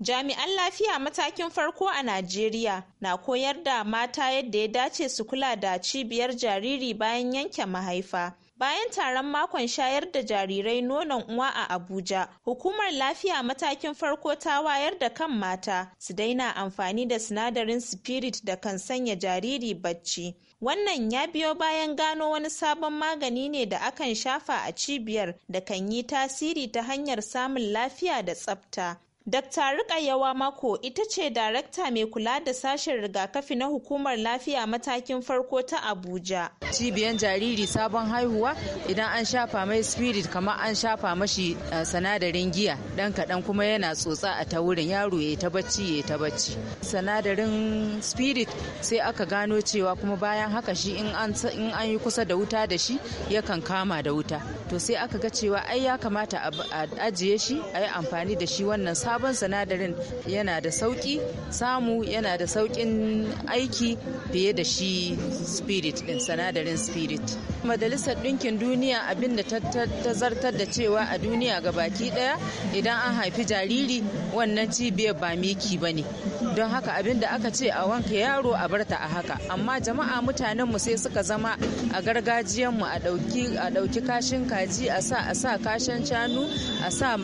Jami'an lafiya matakin farko a Najeriya na koyar da mata yadda ya dace su kula da cibiyar jariri bayan yanke mahaifa. Bayan taron makon shayar da jarirai nonon uwa a Abuja, hukumar lafiya matakin farko ta wayar da kan mata su daina amfani da sinadarin spirit da kan sanya jariri bacci. Wannan ya biyo bayan gano wani sabon magani ne da akan shafa a cibiyar da kan yi tasiri ta hanyar samun lafiya da tsafta. Dr. Rikayawa Mako ita ce darakta mai kula da sashen rigakafi na hukumar lafiya matakin farko ta Abuja. Cibiyan jariri sabon haihuwa idan an shafa mai spirit kamar an shafa mashi eh, sanadarin giya dan kaɗan kuma yana tsotsa a ta wurin yaro ya ta bacci ya ta bacci. Sanadarin spirit sai aka gano cewa kuma bayan haka shi in an yi kusa da wuta da shi yakan kama da wuta. To sai aka ga cewa ai ya kamata a ajiye shi a yi amfani da shi wannan sabon sabon sinadarin yana da sauki samu yana da saukin aiki fiye da shi spirit din sinadarin spirit majalisar ɗinkin duniya abin da ta zartar da cewa a duniya ga baki ɗaya idan an haifi jariri wannan cibiyar ba miki bane. don haka abin da aka ce a wanke yaro a barta a haka amma jama'a mutanen mu sai suka zama a gargajiyanmu a ɗauki kashin kaji a sa a sa kashin shanu a sa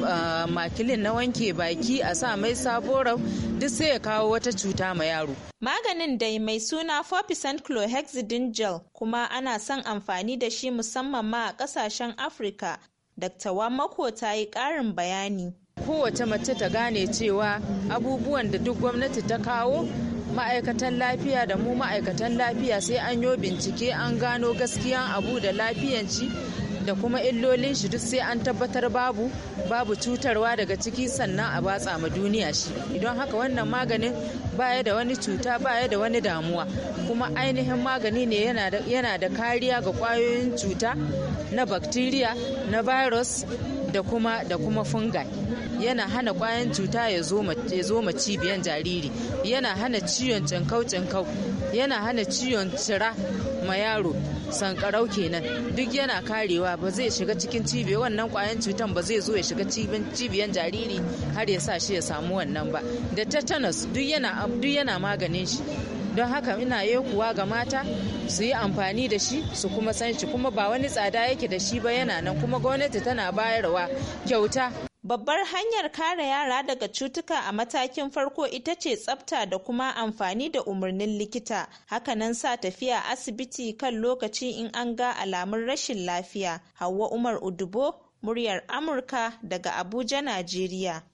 makilin na wanke baki a sa mai saborau duk sai ya kawo wata cuta ma yaro maganin dai mai suna 4% chlorhexidine gel kuma ana son amfani da shi musamman ma a kasashen afirka dr. wamako ta yi karin bayani kowace mace ta gane cewa abubuwan da duk gwamnati ta kawo ma'aikatan lafiya da mu ma'aikatan lafiya sai an yo bincike an gano gaskiyan abu da lafiyan shi da kuma illolin shi duk sai an tabbatar babu babu cutarwa daga ciki sannan a batsa ma duniya shi idan haka wannan maganin baya da wani cuta baya da wani damuwa kuma ainihin magani ne yana da kariya ga kwayoyin cuta na bakteriya na virus da kuma da kuma fungi yana hana kwayan cuta ya zo ma cibiyan jariri yana hana ciwon cankau cankau yana hana ciwon cira ma yaro sankarau kenan duk yana karewa ba zai shiga cikin cibiyar wannan kwayan cutan ba zai zo ya shiga cibiyan jariri har ya sa shi ya samu wannan ba da tetanus duk yana maganin shi don haka ina yekuwa ga mata su yi amfani da shi su kuma san shi kuma ba wani tsada yake da shi ba yana nan kuma gwamnati tana bayarwa kyauta Babbar hanyar kare yara daga cutuka a matakin farko ita ce tsafta da kuma amfani da umarnin likita, haka nan sa tafiya asibiti kan lokaci in an ga alamun rashin lafiya. Hauwa Umar Udubo, muryar Amurka daga Abuja, Najeriya.